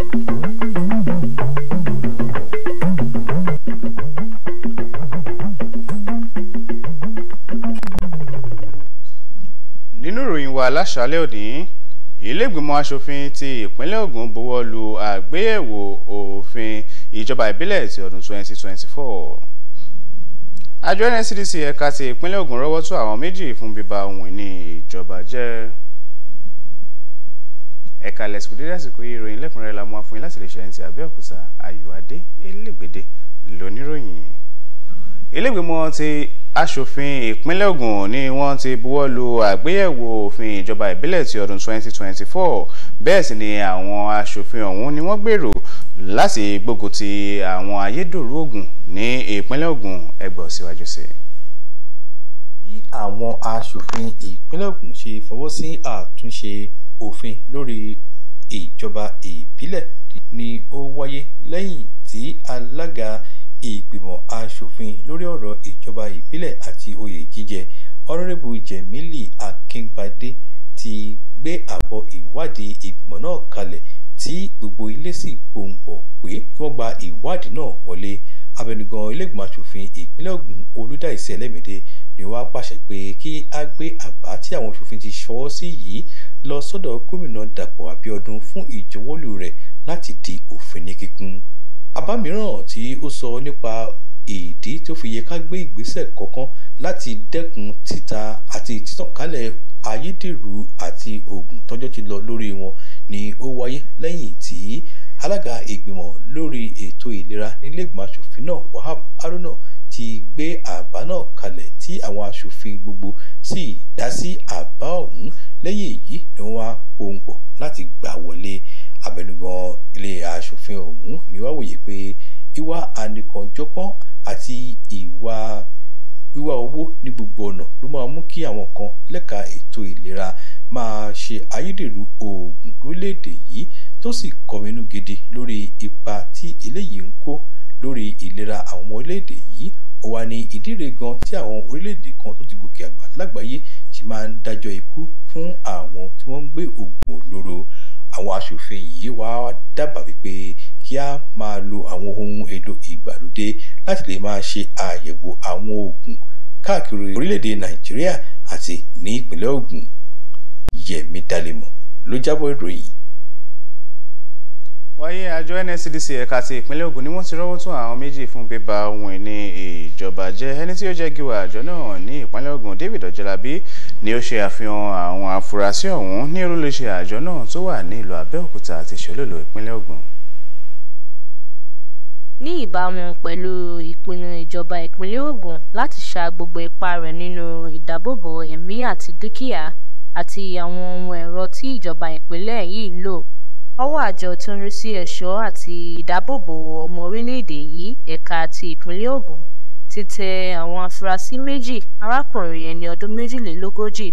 nínú ìròyìn wa láṣálẹ́ òní iléègbìmọ̀ asòfin ti ìpínlẹ̀ Ògùn buwọ́ lu àgbéyẹ̀wò òfin ìjọba ìbílẹ̀ ti ọdún 2024 àjọ NCDC ẹ̀ka ti ìpínlẹ̀ Ògùn rọ́wọ́ tó àwọn méjì fún bíba ohun ìní ìjọba jẹ́ ẹ̀ka lẹ́sìkò dédé àsìkò yìí ìròyìn lẹ́kùnrẹ́rẹ́ la mú wá fún yín láti lè ṣe ẹni tí Abẹ́òkúta Ayọ̀adé Elégbèdé lóníròyìn ilégbèmọ̀ ti aṣòfin ìpínlẹ̀ Ògùn ni wọ́n ti buwọ́ lu àgbéyẹ̀wò òfin ìjọba ìbílẹ̀ ti ọdún 2024 bẹ́ẹ̀ sì ni àwọn aṣòfin ọ̀hún ni wọ́n gbèrò láti gbógun ti àwọn ayédèrú oògùn ní ìpínlẹ̀ Ògùn ẹgbẹ́ síwájú sí i bí àwọn aṣòfin ìpínlẹ̀ Ògùn ṣe fọwọ́ sí àtúnṣe òfin lórí ìjọba ìbílẹ̀ ni ó wáyé lẹ́yìn tí alága ìgbìmọ̀ asòfin lórí ọ̀rọ̀ ìjọba ìbílẹ̀ àti oyè jíjẹ ọ̀rẹ́rẹ́bù jẹ̀mílì akíngbadé ti gbé àbọ̀ ìwádìí ìgbìmọ̀ náà kalẹ̀ tí gbogbo ilé sì gbòǹgbò pé kí wọ́n gba ìwádìí náà wọlé abẹnugan ilégbèmọ̀ asòfin ìpínlẹ̀ Ògùn olùdáìsí ẹlẹ́mìdé ni wọ́n á pàṣẹ pé kí á gbé àbá tí àwọn asòfin ti ṣọwọ́ sí yìí lọ sọ́dọ̀ gómìnà Dàpọ̀ Abíọ́dún fún ìjọwọ́lù rẹ̀ láti di òfin ní kíkún àbá mìíràn tí ó sọ nípa ìdí tó fi yẹ ká gbé ìgbésẹ̀ kọ̀ọ̀kan láti dẹ́kun títa àti títànkálẹ̀ ayédèrú àti oògùn tọ́jọ́ ti lọ lórí wọn ni ó wáyé lẹ́yìn tí alága ìgbìmọ̀ lórí ètò ìlera nílé ìgbìmọ̀ asòfin náà Wahab Haruna ti gbé àbá náà kalẹ̀ tí àwọn aṣòfin gbogbo sì dá sí àbá ọ̀hún lẹ́yìn èyí ni wọ́n wá ohun pọ̀ láti gbà wọlé abẹnugan ilé aṣòfin ọ̀hún ni wọ́n wòye pé ìwà ànìkànjọ́kàn àti ìwà wíwá owó ní gbogbo ọ̀nà ló máa mú kí àwọn kan lẹ́ka ètò ìlera máa ṣe ayédèrú oògùn lórílẹ̀‐èdè yìí tó sì kọminú gidi lórí ipa tí eléyìí ń kó lórí ìlera àwọn ọmọ orílẹ̀‐èdè yìí ó wá ní ìdí rèé gan tí àwọn orílẹ̀-èdè kan tó ti gòkè àgbà lágbàáyé ṣì máa ń dájọ́ ikú fún àwọn tí wọ́n ń gbé oògùn olóró àwọn aṣòfin yìí wá dábàá wípé kí a máa lo àwọn ohun èlò ìgbàlódé láti lè máa ṣe àyẹ̀wò àwọn oògùn káàkiri orílẹ̀-èdè nàìjíríà àti ní ìpínlẹ̀ ògùn yẹmi dalemo ló jábọ̀ ìròyìn wáyé àjọ NSCDC ẹ̀ka ti ìpínlẹ̀ Ògùn ni wọ́n ti rọ́wọ́ tó àwọn méjì fún bíba ohun ìní ìjọba jẹ́ ẹni tí ó jẹ́ gíwá àjọ náà ní ìpínlẹ̀ Ògùn David Ọ̀jọ̀lábí ni ó ṣe àfihàn àwọn afurasí ọ̀hún ní olùléṣẹ́ àjọ náà tó wà ní ìlú Abẹ́òkúta àti Ṣòlòlò ìpínlẹ̀ Ògùn ní ìbámu pẹ̀lú ìpinnu ìjọba ìpínlẹ̀ Ògùn láti sa gbogbo ipá rẹ̀ nínú ìdábòbò ẹ̀mí àti dúkìá àti àwọn ohun ẹ̀rọ tí ìjọba ìpínlẹ̀ yìí lò ọwọ́ àjọ tó ń rí sí ẹ̀ṣọ́ àti ìdáàbòbò ọmọ orílẹ̀-èdè yìí ẹ̀ka ti ìpínlẹ̀ Ògùn ti tẹ àwọn afurasí méjì arákùnrin ẹni ọdún méjìlélógójì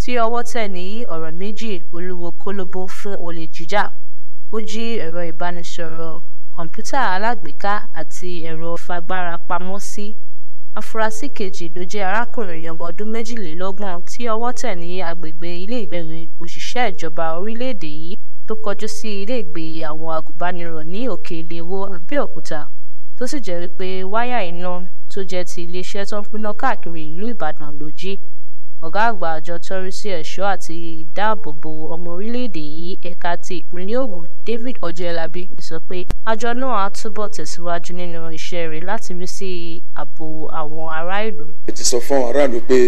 tí ọwọ́ tẹ̀ ní ọ̀rọ̀ méjì olúwo kólóbó fún olè jíjà ó jí ẹ̀rọ ìbánisọ̀rọ̀ kọ̀ǹpútà alágbèéká àti ẹ̀rọ fagbára pamọ́ sí afurasí kejì ló jẹ́ arákùnrin ọmọ ọdún méjìlélọ́gbọ̀n tí ọwọ́ tẹ̀ ní agbègbè ilé ìgbẹ́rin òṣìṣẹ́ ìjọba orílẹ̀-èdè yìí tó kọjú sí ilé ìgbé àwọn agùnbánirọ̀ ní òkè ìléwó àbẹ́òkúta tó sì jẹ́ wípé wáyà iná tó jẹ́ ti iléeṣẹ́ tó ń píná káàkiri ìlú ìbàdàn ló jí ọ̀gá àgbà àjọ tó ń rí sí ẹ̀ṣọ́ àti ìdáàbòbò ọmọ orílẹ̀-èdè yìí ẹ̀ka ti ìpínlẹ̀ Ògùn David Ọjẹ́lábí sọ pé àjọ náà á túbọ̀ tẹ̀síwájú nínú iṣẹ́ rẹ̀ láti rí sí ààbò àwọn ará ìlú. ẹ ti sọ fún àwọn aráàlú pé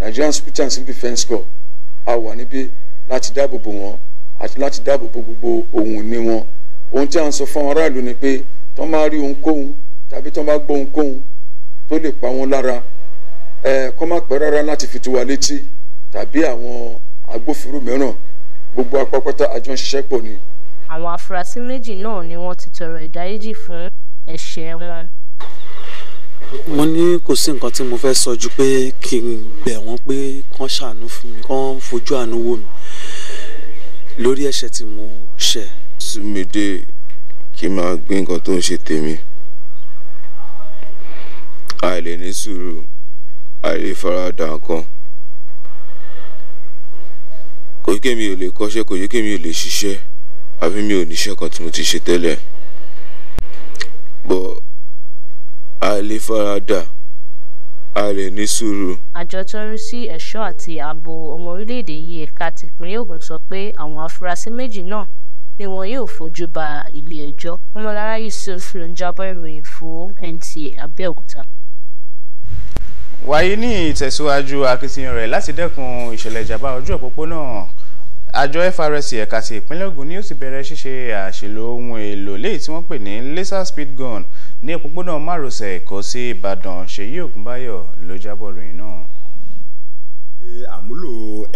Nigerian Civil Defence Corps a wà níbí láti dáàbòbò wọn àti láti dáàbò bo gbogbo ohun ìní wọn ohun tí a ń sọ fún aráàlú ni pé tó máa rí ohunkóhun tàbí tó bá gbọ́ ohunkóhun tó lè pa wọn lára ẹ kọ́ má pẹ́ rárá láti fi tó wa létí tàbí àwọn agbófinró mìíràn gbogbo apapata àjọ ń ṣiṣẹ́ pọ̀ ni. àwọn afurasí méjì náà ni wọ́n ti tọrọ ìdáríjì fún ẹ̀ṣẹ̀ wọn. mo ní kò sí nǹkan tí mo fẹ́ sọ ju pé kí n bẹ̀ wọ́n pé kán ṣàánú fún mi kán fojú àánú wò mí lórí ẹ̀ṣẹ̀ tí mo ṣẹ̀. Súmídé kí máa gbé nǹkan tó ń ṣe tèmi àìlè ní sùúrù àìlè faradà nǹkan kò yí kémi ò lè kọ́ṣẹ́ kò yí kémi ò lè ṣiṣẹ́ àbí mi ò níṣẹ́ kan tí mo ti ṣe tẹ́lẹ̀ bọ́ àìlè faradà a lè ní sùúrù. àjọ tó ń rí sí ẹ̀ṣọ́ àti ààbò ọmọ orílẹ̀-èdè yìí ẹ̀ka tìpínlẹ̀ Ògùn sọ pé àwọn afurasí méjì náà ni wọn yóò fojú ba ilé-ẹjọ́ ọmọlára Yusuf ló ń jábọ̀ ìròyìn fún NTA Abẹ́òkúta. wàyí ní ìtẹ̀síwájú akitiyan rẹ̀ láti dẹ́kun ìṣẹ̀lẹ̀ ìjàmbá ojú òpópónà àjọ FRSC ẹ̀ka ti ìpínlẹ̀ Ògùn ni ó ti bẹ̀rẹ̀ ṣíṣe àṣìlò ohun èlò léyìí tí wọ́n pè ní laser speed gun ní òpópónà márosẹ̀ Èkó sí Ìbàdàn Ṣèyí Ògúnbáyọ̀ ló jábọ̀ ròyìn náà. àmúlò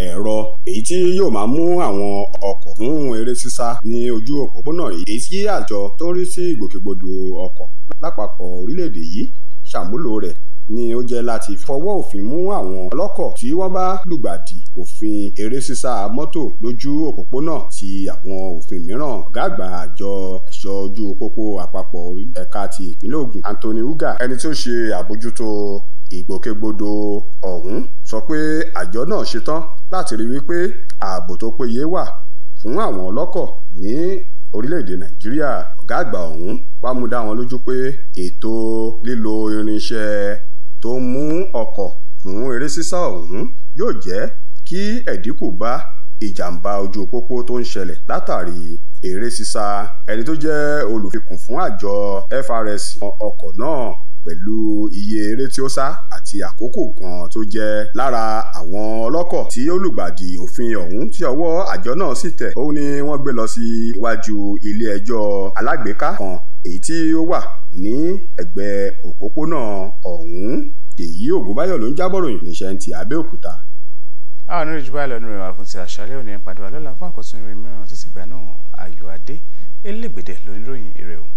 ẹ̀rọ èyí tí yóò máa mú àwọn ọkọ̀ fún eré sísá ní ojú òpópónà èyí tí àjọ tó rí sí ìgbòkègbodò ọkọ̀ lápapọ̀ orílẹ̀-èdè yìí ṣàmúlò rẹ̀ ni ó jẹ́ láti fọwọ́ òfin mú àwọn ọlọ́kọ̀ tí wọ́n bá lùgbàdì òfin eré sísá mọ́tò lójú òpópónà ti àwọn òfin mìíràn ọ̀gá àgbà àjọ ẹ̀ṣọ́ ojú pópó àpapọ̀ ẹ̀ka ti ìpínlẹ̀ Ògùn Anthony Uga ẹni tí ó ṣe àbójútó ìgbòkègbodò ọ̀hún sọ pé àjọ náà ṣetán láti rí wípé ààbò tó péye wà fún àwọn ọlọ́kọ̀ ní orílẹ̀-èdè Nàìjíríà ọ̀gá àgbà ọ̀hún wàá mú dá wọn lójú pé ètò lílo irinṣẹ́ tó ń mú ọkọ̀ fún eré sísá ọ̀hún yóò jẹ́ kí ẹ̀dínkù bá ìjàmbá ojú pópó tó ń ṣẹlẹ̀ látàrí eré sísá ẹni tó jẹ́ olùfikùn fún àjọ FRS ọkọ̀ náà pẹ̀lú iye eré tí ó sá àti àkókò kan tó jẹ́ lára àwọn ọlọ́kọ̀ tí ó lùgbàdì òfin ọ̀hún tí ọwọ́ àjọ náà sì tẹ̀ ó ní wọ́n gbé lọ sí iwájú ilé ẹjọ́ alágbèéká kan èyí tí ó wà ní ẹ̀gbẹ́ òpópónà ọ̀hún èyí ògúnbáyọ̀ ló ń jábọ̀ ròyìn ń ti Abẹ́òkúta. àwọn onírìn jù báyìí lọ nínú ìwà fún ti àṣálẹ́ òní ìpàdé wa lọ́la fún àkọsùn ìròyìn mìíràn títí ìgbà náà ayọ̀ adé elégbèdé lóníròyìn ire o.